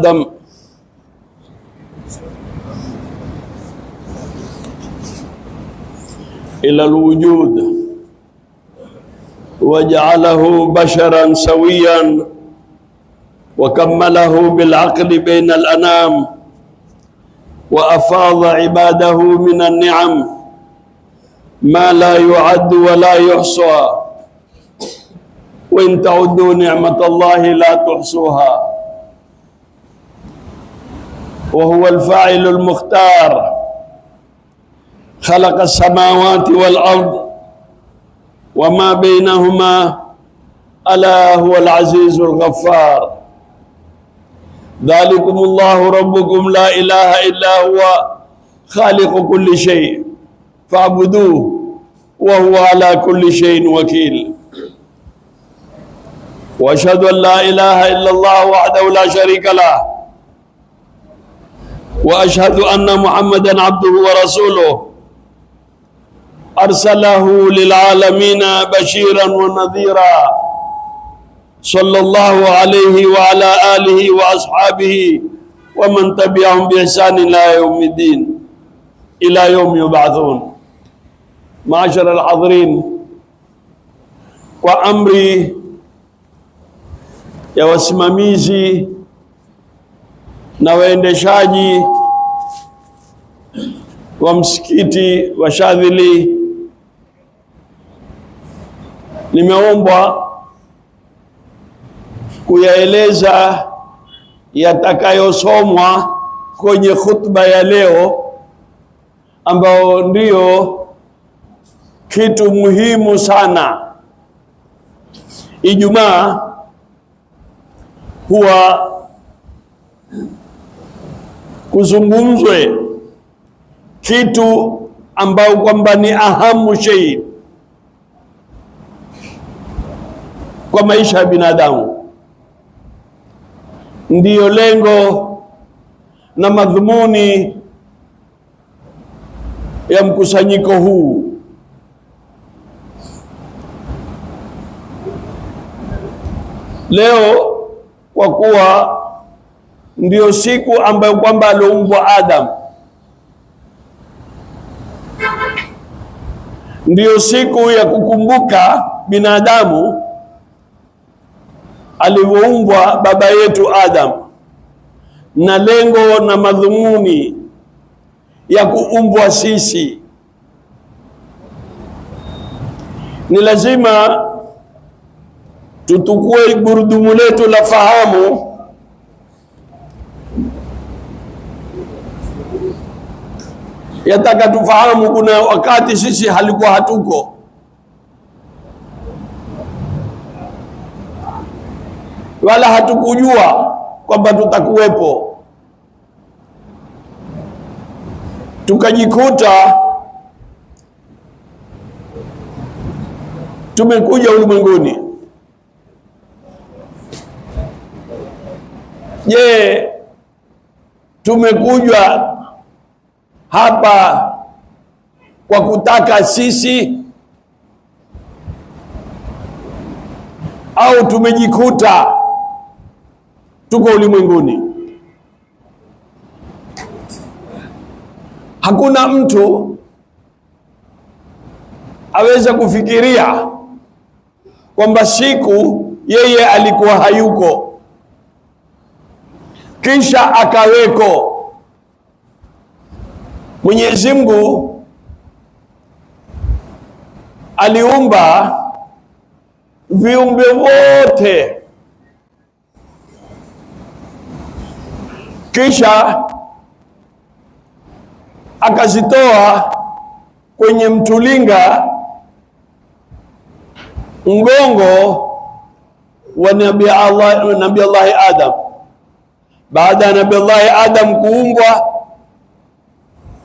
آدم إلى الوجود وجعله بشرا سويا وكمله بالعقل بين الأنام وأفاض عباده من النعم ما لا يعد ولا يحصى وإن تعدوا نعمة الله لا تحصوها وهو الفاعل المختار خلق السماوات والأرض وما بينهما ألا هو العزيز الغفار ذلكم الله ربكم لا إله إلا هو خالق كل شيء فاعبدوه وهو على كل شيء وكيل واشهد ان لا اله الا الله وحده لا شريك له وأشهد أن محمدا عبده ورسوله أرسله للعالمين بشيرا ونذيرا صلى الله عليه وعلى آله وأصحابه ومن تبعهم بإحسان إلى يوم الدين إلى يوم يبعثون معاشر الحاضرين وامري يا وسماميزي na waendeshaji wa msikiti wa Shadhili, nimeombwa kuyaeleza yatakayosomwa kwenye khutba ya leo, ambao ndiyo kitu muhimu sana. Ijumaa huwa kuzungumzwe kitu ambao kwamba ni ahamu shei kwa maisha ya binadamu, ndiyo lengo na madhumuni ya mkusanyiko huu. Leo kwa kuwa ndiyo siku ambayo kwamba aliumbwa Adam, ndiyo siku ya kukumbuka binadamu alivyoumbwa baba yetu Adam, na lengo na madhumuni ya kuumbwa sisi ni lazima tutukue gurudumu letu la fahamu yataka tufahamu, kuna wakati sisi halikuwa hatuko wala hatukujua kwamba tutakuwepo, tukajikuta tumekuja ulimwenguni. Je, tumekujwa hapa kwa kutaka sisi au tumejikuta tuko ulimwenguni? Hakuna mtu aweza kufikiria kwamba siku yeye alikuwa hayuko kisha akaweko Mwenyezi Mungu aliumba viumbe wote, kisha akazitoa kwenye mtulinga mgongo wa Nabii Allah, Nabii Allah Adam. Baada ya Nabii Allah Adam kuumbwa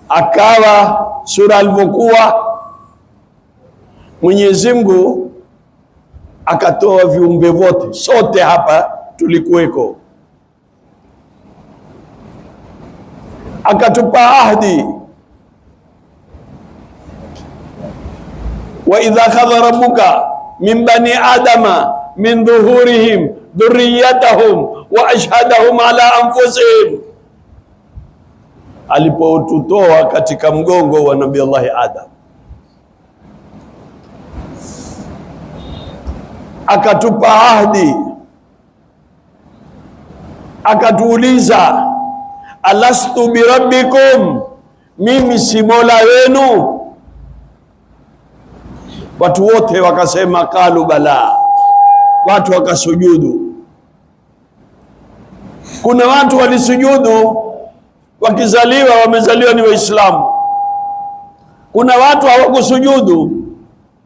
akawa sura alivyokuwa Mwenyezi Mungu akatoa viumbe vyote, sote hapa tulikuweko, akatupa ahdi wa idha khadha rabbuka min bani adama min dhuhurihim dhurriyatahum wa ashhadahum ala anfusihim alipotutoa katika mgongo wa Nabii Allah Adam, akatupa ahdi, akatuuliza alastu birabbikum, mimi si mola wenu? Watu wote wakasema kalu bala, watu wakasujudu. Kuna watu walisujudu wakizaliwa wamezaliwa ni Waislamu. Kuna watu hawakusujudu,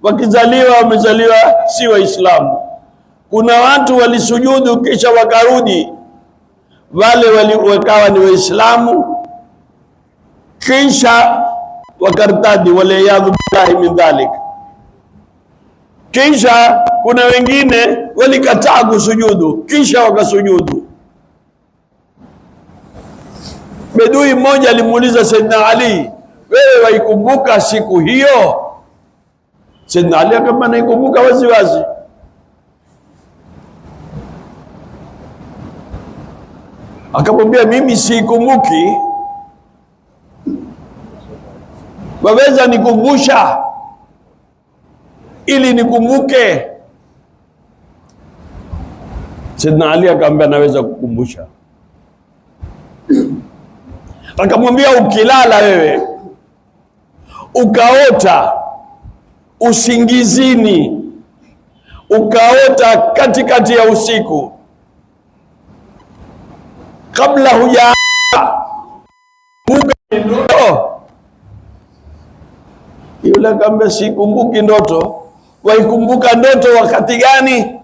wakizaliwa wamezaliwa si Waislamu. Kuna watu walisujudu kisha wakarudi, wale wakawa ni Waislamu kisha wakartadi, waliyadhu billahi min dhalik. Kisha kuna wengine walikataa kusujudu kisha wakasujudu Bedui mmoja alimuuliza Saidna Ali, wewe waikumbuka siku hiyo? Saidna Ali akamba, naikumbuka waziwazi. Akamwambia, mimi siikumbuki, waweza nikumbusha ili nikumbuke? Saidna Ali akamwambia, naweza kukumbusha Akamwambia ukilala wewe ukaota usingizini, ukaota katikati ya usiku, kabla huja ndoto. Yule akaambia sikumbuki ndoto. Waikumbuka ndoto wakati gani?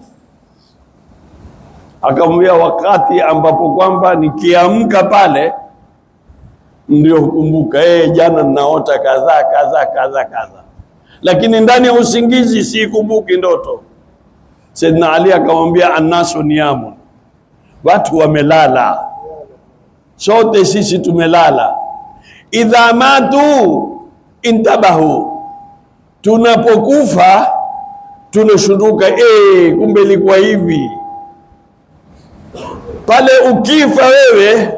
Akamwambia wakati ambapo kwamba nikiamka pale kumbuka eh, jana naota kadhaa kadhaa kadhaa kadhaa, lakini ndani ya usingizi siikumbuki ndoto. Saidna Ali akamwambia, annasu niamun, watu wamelala, sote sisi tumelala. Idha matu intabahu, tunapokufa tunashunduka. Eh, kumbe ilikuwa hivi. Pale ukifa wewe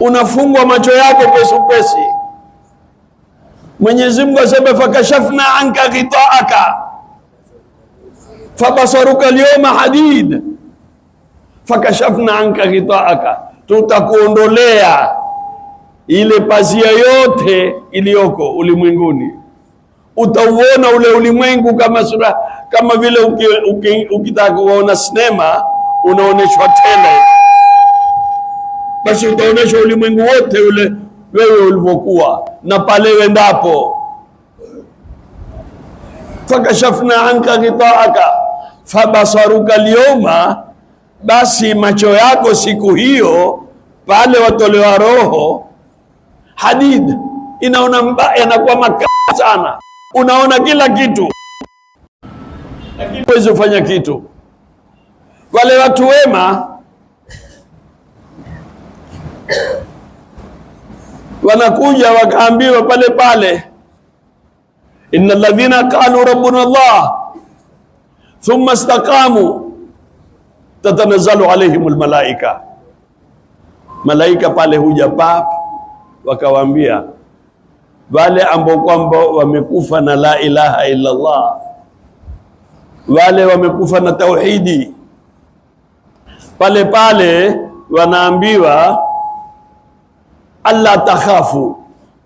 unafungwa macho yako kwesupesi. Mwenyezi Mungu asema fakashafna anka ghitaaka fabasaruka lyoma hadid fakashafna anka ghitaaka, tutakuondolea ile pazia yote iliyoko ulimwenguni. Utauona ule ulimwengu kama sura, kama vile ukitaka uki, uki, uki kuona sinema unaoneshwa tele basi utaonesha ulimwengu wote ule wewe ulivyokuwa na pale wendapo. fakashafna anka ghitaaka fabasaruka lyoma, basi macho yako siku hiyo pale watolewa roho hadid, inaona mbaya, inakuwa makali sana, unaona kila kitu, lakini huwezi kufanya kitu. Wale watu wema wanakuja wakaambiwa pale pale, inna alladhina qalu rabbuna Allah thumma istaqamu tatanazzalu alaihim almalaika, malaika pale huja pap, wakawaambia wale ambao kwamba wamekufa na la ilaha illa Allah, wale wamekufa na tauhidi, pale pale wanaambiwa alla takhafu,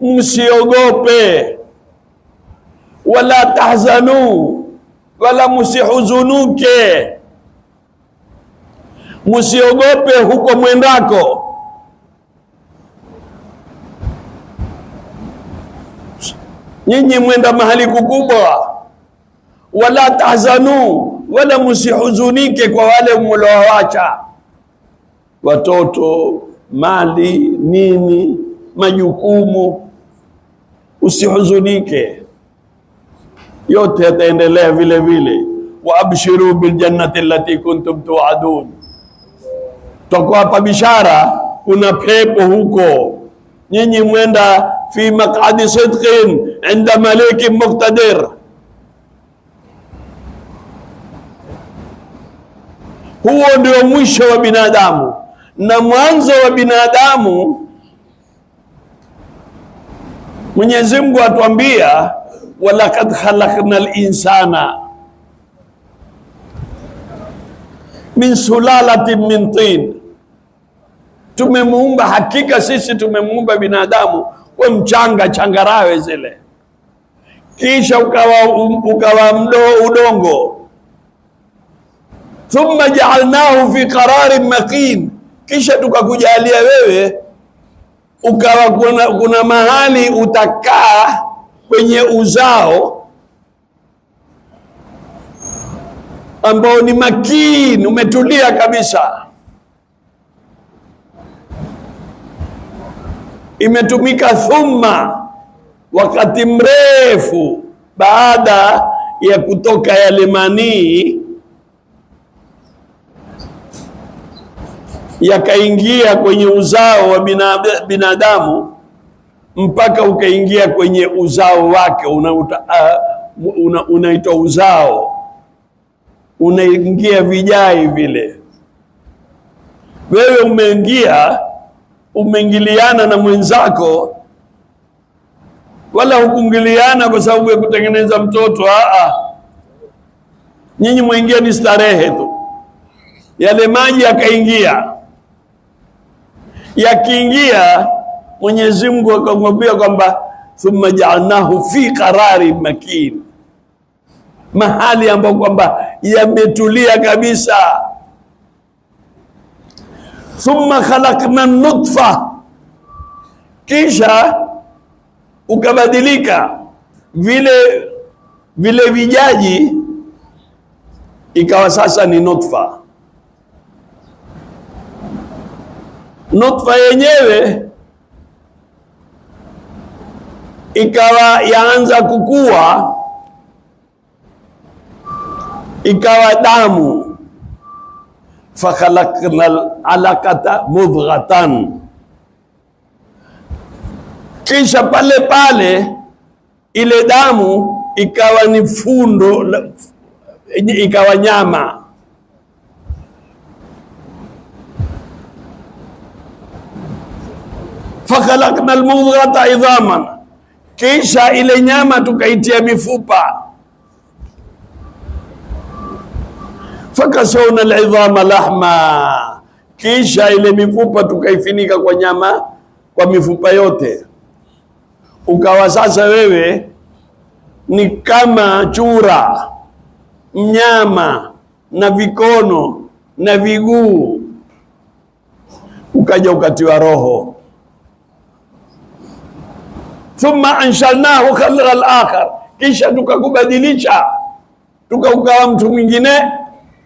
msiogope, wala tahzanu, wala msihuzunuke, msiogope huko mwendako. Nyinyi mwenda mahali kukubwa, wala tahzanu, wala msihuzunike kwa wale mulowawacha watoto mali nini, majukumu. Usihuzunike, yote yataendelea vile vile. Wa abshiru biljannati allati kuntum tuadun, pa bishara, kuna pepo huko nyinyi mwenda fi maqadi sidqin inda malikin muqtadir. Huo ndio mwisho wa binadamu na mwanzo wa binadamu. Mwenyezi Mungu atuambia walakad khalaqna linsana min sulalatin min tin, tumemuumba hakika sisi tumemuumba binadamu kwa mchanga, changarawe zile, kisha ukawa, um, ukawa mdo udongo, thumma jaalnahu fi qararin makin kisha tukakujalia wewe ukawa kuna, kuna mahali utakaa kwenye uzao ambao ni makini, umetulia kabisa. Imetumika thumma, wakati mrefu baada ya kutoka yale manii yakaingia kwenye uzao wa binadamu mpaka ukaingia kwenye uzao wake unaitwa una, una uzao unaingia vijai vile. Wewe umeingia umeingiliana na mwenzako, wala hukuingiliana kwa sababu ya kutengeneza mtoto. Aa, nyinyi mwingia ni starehe tu, yale maji yakaingia yakiingia, Mwenyezi Mungu akamwambia kwamba thumma jaalnahu fi qararin makin, mahali ambapo kwamba yametulia kabisa. Thumma khalaqna nutfa, kisha ukabadilika vile vile vijaji, ikawa sasa ni nutfa nutfa yenyewe ikawa yaanza kukua, ikawa damu. fakhalakna alaqata mudghatan, kisha pale pale ile damu ikawa ni fundo, ikawa nyama fakhalakna almudghata idhama kisha ile nyama tukaitia mifupa. Fakasawna alidhama lahma, kisha ile mifupa tukaifinika kwa nyama, kwa mifupa yote. Ukawa sasa wewe ni kama chura, mnyama na vikono na viguu, ukaja ukatiwa roho thumma anshalnahu khalqa al-akhar, kisha tukakubadilisha tukaukawa mtu mwingine,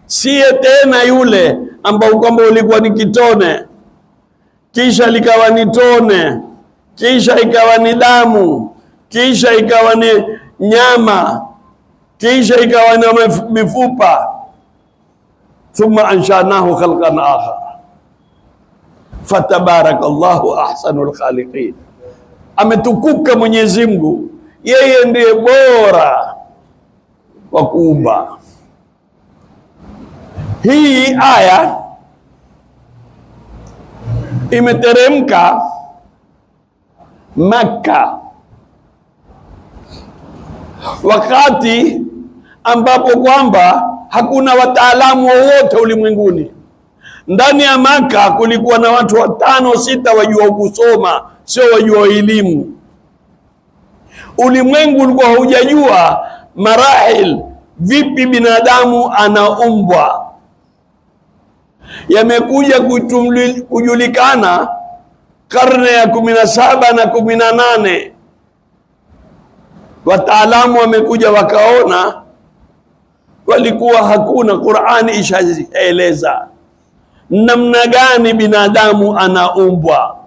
siye tena yule ambao kwamba ulikuwa ni kitone, kisha likawa ni tone, kisha ikawa ni damu, kisha ikawa ni nyama, kisha ikawa ni mifupa. Thumma anshanahu khalqan akhar, fatabaraka Allahu ahsanul khaliqin. Ametukuka Mwenyezi Mungu, yeye ndiye bora wa kuumba. Hii aya imeteremka Makka, wakati ambapo kwamba hakuna wataalamu wowote ulimwenguni. Ndani ya Makka kulikuwa na watu watano sita wajua kusoma sio wajua elimu. Ulimwengu ulikuwa haujajua marahil, vipi binadamu anaumbwa yamekuja kujulikana karne ya kumi na saba na kumi na nane wataalamu wamekuja wakaona, walikuwa hakuna. Qurani ishaeleza namna gani binadamu anaumbwa.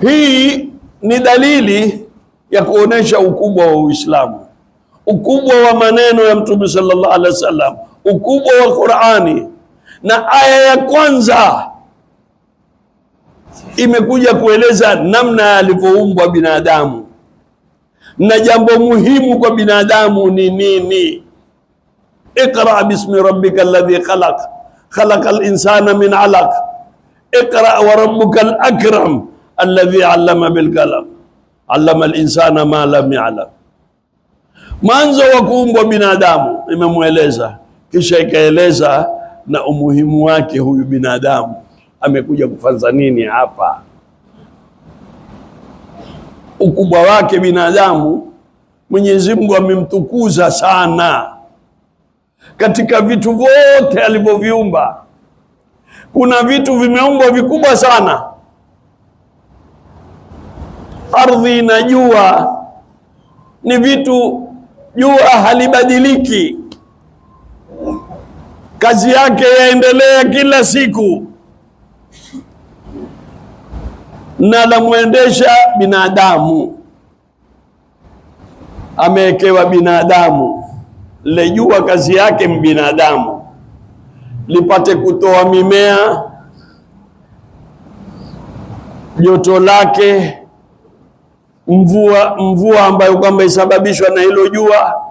Hii ni dalili ya kuonesha ukubwa wa Uislamu, ukubwa wa maneno ya Mtume sallallahu alaihi wasallam, ukubwa wa Qur'ani. Na aya ya kwanza imekuja kueleza namna alivyoumbwa binadamu na jambo muhimu kwa binadamu ni nini? Iqra bismi rabbika alladhi khalaq khalaqa al-insana min alaq iqra wa rabbuka al-akram alladhi allama bilkalam, allama linsana ma lam yalam. Mwanzo wa kuumbwa binadamu imemweleza, kisha ikaeleza na umuhimu wake. Huyu binadamu amekuja kufanza nini hapa? Ukubwa wake binadamu, Mwenyezi Mungu amemtukuza sana katika vitu vyote alivyoviumba. Kuna vitu vimeumbwa vikubwa sana ardhi na jua ni vitu jua halibadiliki kazi yake yaendelea kila siku na lamwendesha binadamu amewekewa binadamu lejua kazi yake mbinadamu lipate kutoa mimea joto lake mvua mvua ambayo kwamba isababishwa na hilo jua,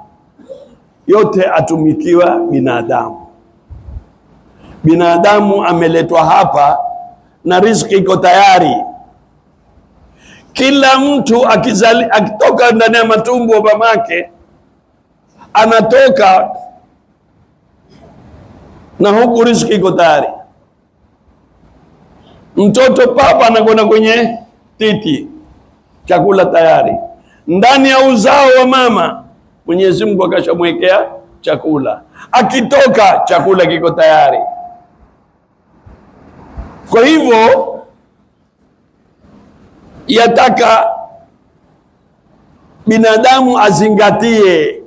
yote atumikiwa binadamu. Binadamu ameletwa hapa na riziki iko tayari. Kila mtu akizali, akitoka ndani ya matumbo wa mamake anatoka na huku riziki iko tayari. Mtoto papa anakwenda kwenye titi chakula tayari ndani ya uzao wa mama. Mwenyezi Mungu akashamwekea chakula, akitoka chakula kiko tayari. Kwa hivyo yataka binadamu azingatie,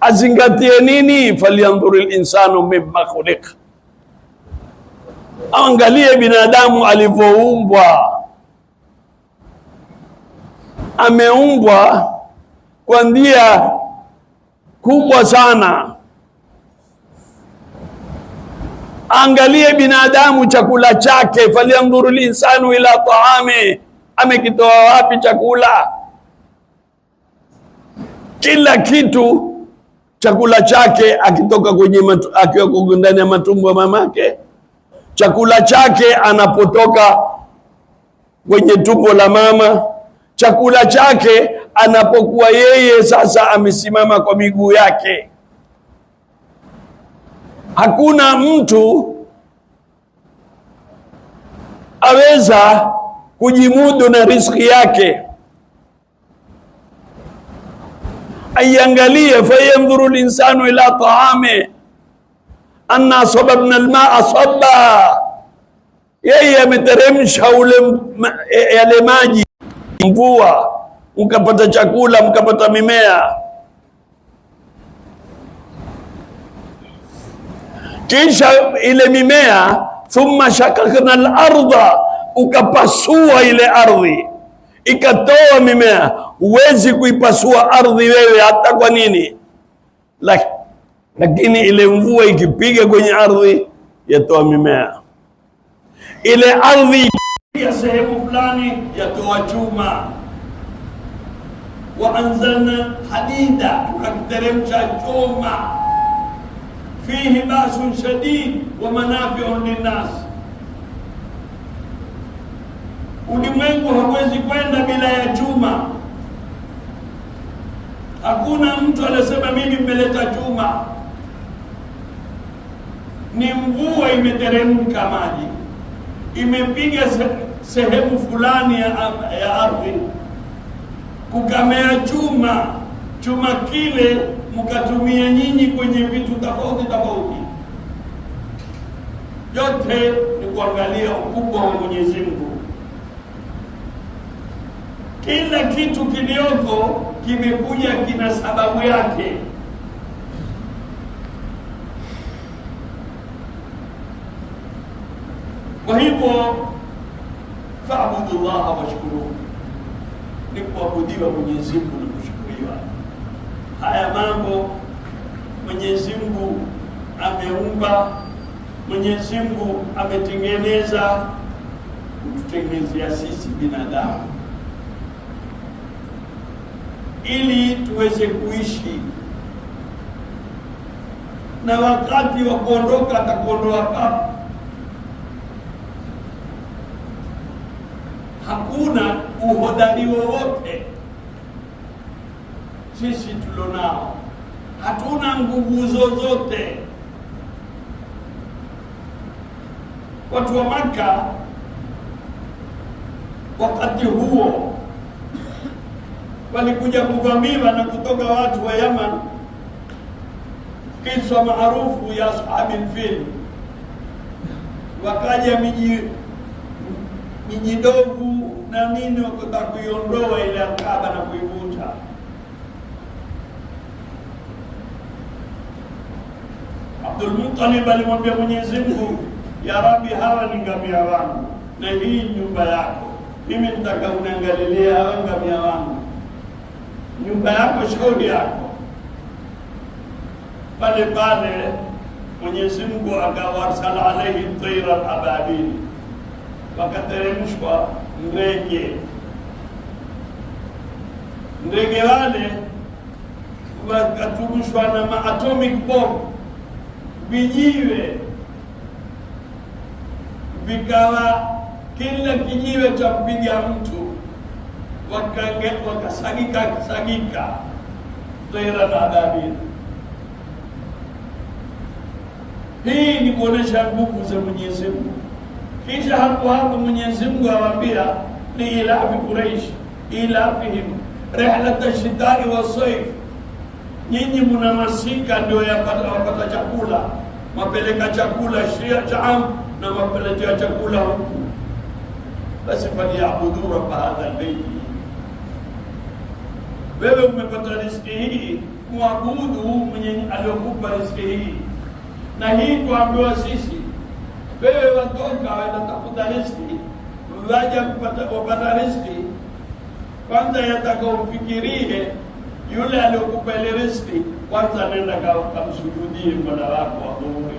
azingatie nini? Falyanzuri linsanu mimma khuliq, angalie binadamu alivyoumbwa ameumbwa kwa njia kubwa sana. Angalie binadamu chakula chake, falyanzuru linsanu ila taami, amekitoa wapi chakula? Kila kitu chakula chake, akitoka kwenye akiwa ndani ya matumbo ya mamake, chakula chake anapotoka kwenye tumbo la mama chakula chake anapokuwa yeye sasa amesimama kwa miguu yake. Hakuna mtu aweza kujimudu na riziki yake. Aiangalie, fayandhuru linsanu ila taame anna sababna almaa sabba, yeye ameteremsha ule e-, e-, yale maji mvua, ukapata chakula, mkapata mimea. Kisha ile mimea, thumma shakakna al-ardha, ukapasua ile ardhi ikatoa mimea. uwezi kuipasua ardhi wewe, hata kwa nini? Lakini ile mvua ikipiga kwenye ardhi, yatoa mimea ile ardhi ya sehemu fulani yatoa chuma, wa anzalna hadida, tukakiteremsha chuma, fihi basun shadid wa manafiun linnas. Ulimwengu hauwezi kwenda bila ya chuma. Hakuna mtu anasema mimi mmeleta chuma, ni mvua imeteremka maji imepiga sehemu fulani ya, ya ardhi, kukamea chuma, chuma kile mkatumia nyinyi kwenye vitu tofauti tofauti, yote ni kuangalia ukubwa wa Mwenyezi Mungu. Kila kitu kilioko kimekuja kina sababu yake. Kwa hivyo fa'budu llaha washkuru, ni kuabudiwa Mwenyezi Mungu na kushukuriwa. Haya mambo Mwenyezi Mungu ameumba, Mwenyezi Mungu ametengeneza kututengenezea sisi binadamu ili tuweze kuishi na wakati wa kuondoka atakuondoa kapo hakuna uhodari wowote sisi tulionao, hatuna nguvu zozote. Watu wa Maka wakati huo walikuja kuvamiwa na kutoka watu wa Yaman, kiswa maarufu ya ashabi lfil, wakaja miji kijidovu na nini wakataka kuiondoa ile akaba na kuivuta. Abdul Muttalib alimwambia Mwenyezi Mungu, ya Rabbi, hawa ni ngamia wangu na hii nyumba yako, mimi nitaka unangalilia hawa ngamia wangu, nyumba yako shauri yako. Pale pale Mwenyezi Mungu akawarsala alaihi tairan ababili wakateremshwa ndege. Ndege wale wakatugushwa na maatomic bomb, vijiwe vikawa kila kijiwe cha kupiga mtu, wakasagika sagika tera na adabili. Hii ni kuonesha nguvu za Mwenyezi Mungu. Kisha hapo hapo Mwenyezi Mungu awaambia liilafi Quraish ilafihim rihlata shitari wa saif, nyinyi mna masika ndio yapata chakula, mapeleka chakula shia chaam na mapeleka chakula huku, basi faliabudu rabba hadha albayti. Wewe umepata riziki hii, mwabudu mwenye aliyokupa riziki hii, na hii tuambiwa sisi wewe watoka wanatafuta riski, waja wapata riski, kwanza yatakaumfikirie yule aliyokupa ile riski, kwanza nenda kamsujudie Mola wako wa Mungu,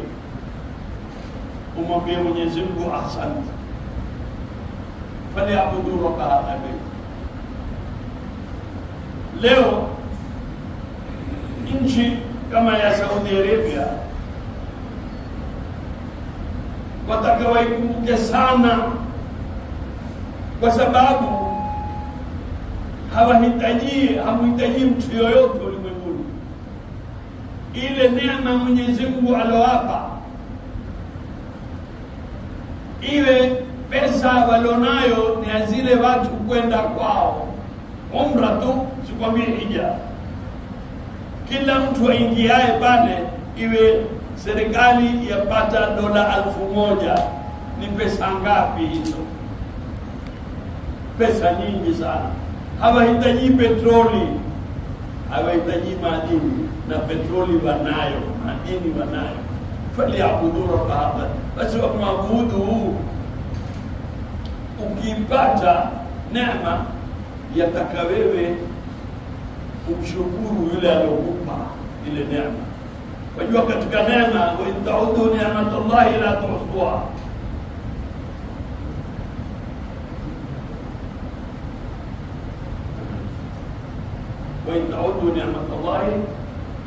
umwambie Mwenyezi Mungu asante, faliabudu rabba Leo nchi kama ya Saudi Arabia wataka waikumbuke sana, kwa sababu hawahitaji hamuhitaji mtu yoyote ulimwenguni. Ile neema Mwenyezi Mungu alowapa, ile pesa walionayo ni azile watu kwenda kwao umra tu, sikwambii hija. Kila mtu aingiaye pale iwe serikali yapata dola alfu moja ni pesa ngapi hizo? Pesa nyingi sana. Hawahitaji petroli, hawahitaji madini, na petroli wanayo, madini wanayo. Faliabudu rabba hadha, basi wamwabudu. Ukipata neema, yataka wewe umshukuru yule aliyokupa ile neema wajua katika neema wain taudu niamatullahi la tuhsuha wain taudu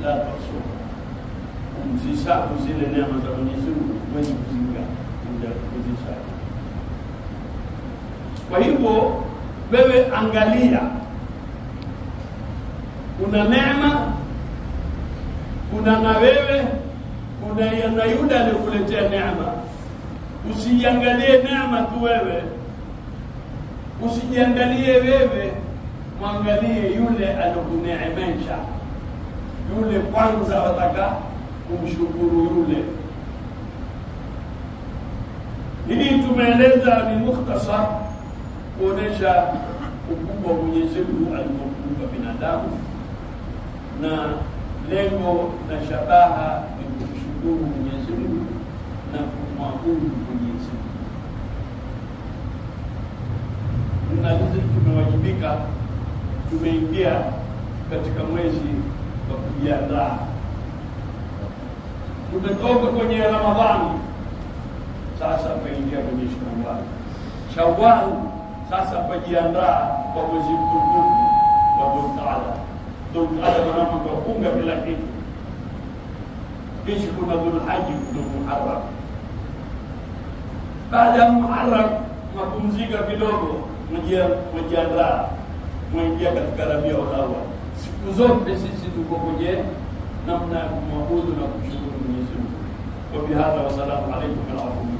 la tuhsuha msisabu zile neema za mwenyezi mungu kuzinga kuzisabu kwa hivyo wewe angalia una neema na wewe unaiona yule aliyekuletea neema. Usijiangalie neema tu wewe, usijiangalie wewe, mwangalie yule alikuneemesha Yule kwanza wataka kumshukuru yule. Hili tumeeleza ni mukhtasar kuonesha ukubwa wa Mwenyezi Mungu alivyokumba binadamu na lengo na shabaha ni kumshukuru Mwenyezi Mungu na kumwabudu Mwenyezi Mungu. Tunalizi tumewajibika, tumeingia katika mwezi wa kujiandaa, tumetoka kwenye Ramadhani, sasa tunaingia kwenye Shawwal. Shawwal sasa tunajiandaa kwa mwezi mtukufu wa Mungu Taala ndugu Adam anapofunga kila kitu, kisha kuna Dhulhaji na Muharram. Baada ya Muharram mapumzika kidogo, mjiandaa, mwingia katika Rabiul Awwal. Siku zote sisi tuko kwenye namna ya kumwabudu na kumshukuru Mwenyezi Mungu. Wabihadha, wassalamu alaikum warahmatullahi